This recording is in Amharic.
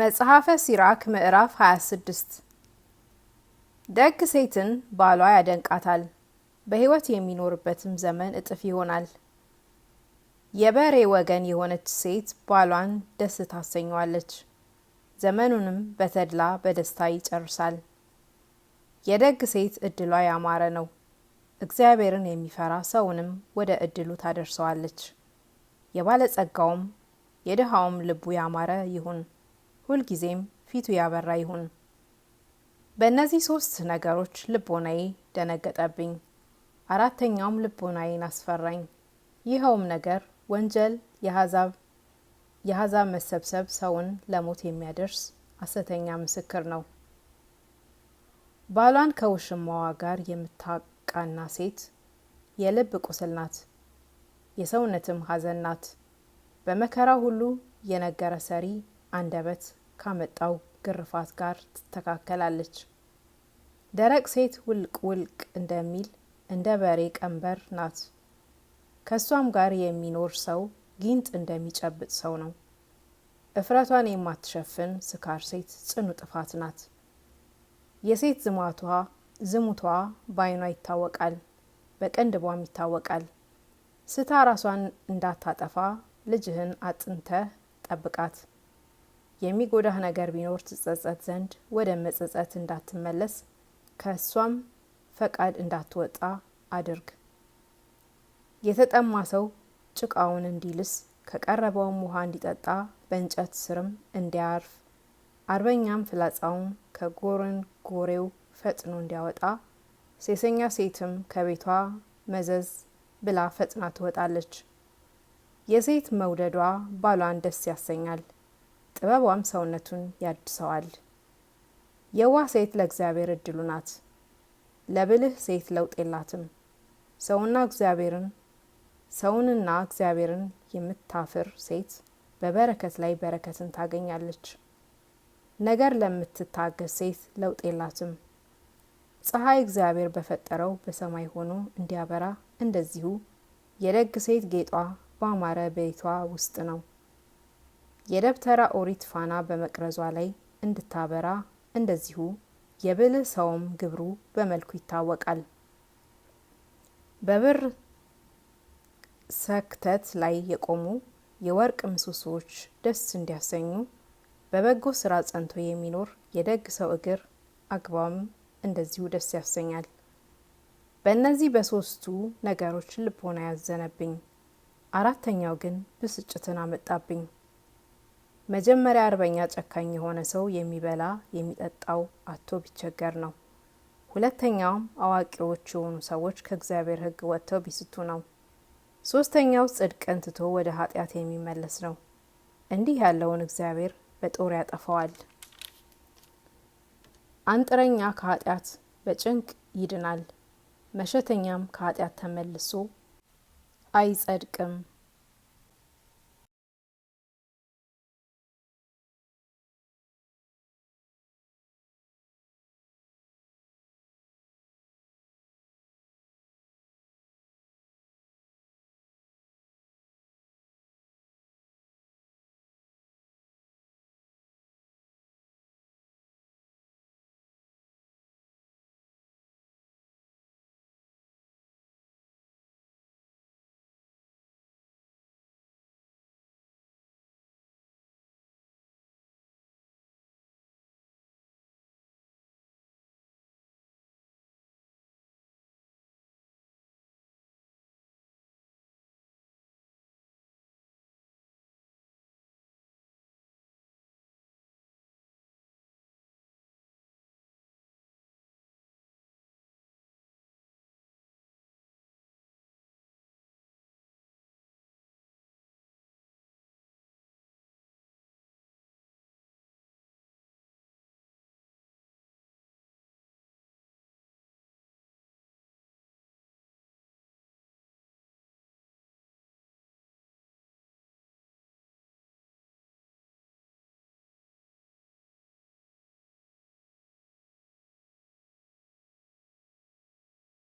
መጽሐፈ ሲራክ ምዕራፍ 26 ደግ ሴትን ባሏ ያደንቃታል፣ በሕይወት የሚኖርበትም ዘመን እጥፍ ይሆናል። የበሬ ወገን የሆነች ሴት ባሏን ደስ ታሰኘዋለች፣ ዘመኑንም በተድላ በደስታ ይጨርሳል። የደግ ሴት እድሏ ያማረ ነው፣ እግዚአብሔርን የሚፈራ ሰውንም ወደ እድሉ ታደርሰዋለች። የባለጸጋውም የድሃውም ልቡ ያማረ ይሁን። ሁልጊዜም ፊቱ ያበራ ይሁን። በእነዚህ ሶስት ነገሮች ልቦናዬ ደነገጠብኝ፣ አራተኛውም ልቦናዬን አስፈራኝ። ይኸውም ነገር ወንጀል፣ የአሕዛብ መሰብሰብ ሰውን ለሞት የሚያደርስ ሐሰተኛ ምስክር ነው። ባሏን ከውሽማዋ ጋር የምታቃና ሴት የልብ ቁስል ናት፣ የሰውነትም ሐዘን ናት። በመከራ ሁሉ የነገረ ሰሪ አንደበት ካመጣው ግርፋት ጋር ትተካከላለች። ደረቅ ሴት ውልቅ ውልቅ እንደሚል እንደ በሬ ቀንበር ናት። ከእሷም ጋር የሚኖር ሰው ጊንጥ እንደሚጨብጥ ሰው ነው። እፍረቷን የማትሸፍን ስካር ሴት ጽኑ ጥፋት ናት። የሴት ዝማቷ ዝሙቷ በአይኗ ይታወቃል፣ በቀንድቧም ይታወቃል። ስታ ራሷን እንዳታጠፋ ልጅህን አጥንተህ ጠብቃት። የሚጎዳህ ነገር ቢኖር ትጸጸት ዘንድ ወደ መጸጸት እንዳትመለስ ከእሷም ፈቃድ እንዳትወጣ አድርግ። የተጠማ ሰው ጭቃውን እንዲልስ ከቀረበውም ውሃ እንዲጠጣ በእንጨት ስርም እንዲያርፍ አርበኛም ፍላጻውን ጎሬው ፈጥኖ እንዲያወጣ ሴሰኛ ሴትም ከቤቷ መዘዝ ብላ ፈጥና ትወጣለች። የሴት መውደዷ ባሏን ደስ ያሰኛል። ጥበቧም ሰውነቱን ያድሰዋል። የዋህ ሴት ለእግዚአብሔር እድሉ ናት፣ ለብልህ ሴት ለውጥ የላትም። ሰውና እግዚአብሔርን ሰውንና እግዚአብሔርን የምታፍር ሴት በበረከት ላይ በረከትን ታገኛለች። ነገር ለምትታገስ ሴት ለውጥ የላትም። ፀሐይ እግዚአብሔር በፈጠረው በሰማይ ሆኖ እንዲያበራ እንደዚሁ የደግ ሴት ጌጧ ባማረ ቤቷ ውስጥ ነው። የደብተራ ኦሪት ፋና በመቅረዟ ላይ እንድታበራ እንደዚሁ የብልህ ሰውም ግብሩ በመልኩ ይታወቃል። በብር ሰክተት ላይ የቆሙ የወርቅ ምሰሶዎች ደስ እንዲያሰኙ በበጎ ስራ ጸንቶ የሚኖር የደግ ሰው እግር አግባም እንደዚሁ ደስ ያሰኛል። በእነዚህ በሶስቱ ነገሮች ልቦና ያዘነብኝ፣ አራተኛው ግን ብስጭትን አመጣብኝ። መጀመሪያ አርበኛ ጨካኝ የሆነ ሰው የሚበላ የሚጠጣው አቶ ቢቸገር ነው። ሁለተኛውም አዋቂዎች የሆኑ ሰዎች ከእግዚአብሔር ሕግ ወጥተው ቢስቱ ነው። ሶስተኛው ጽድቅን ትቶ ወደ ኃጢአት የሚመለስ ነው። እንዲህ ያለውን እግዚአብሔር በጦር ያጠፋዋል። አንጥረኛ ከኃጢአት በጭንቅ ይድናል፣ መሸተኛም ከኃጢአት ተመልሶ አይጸድቅም።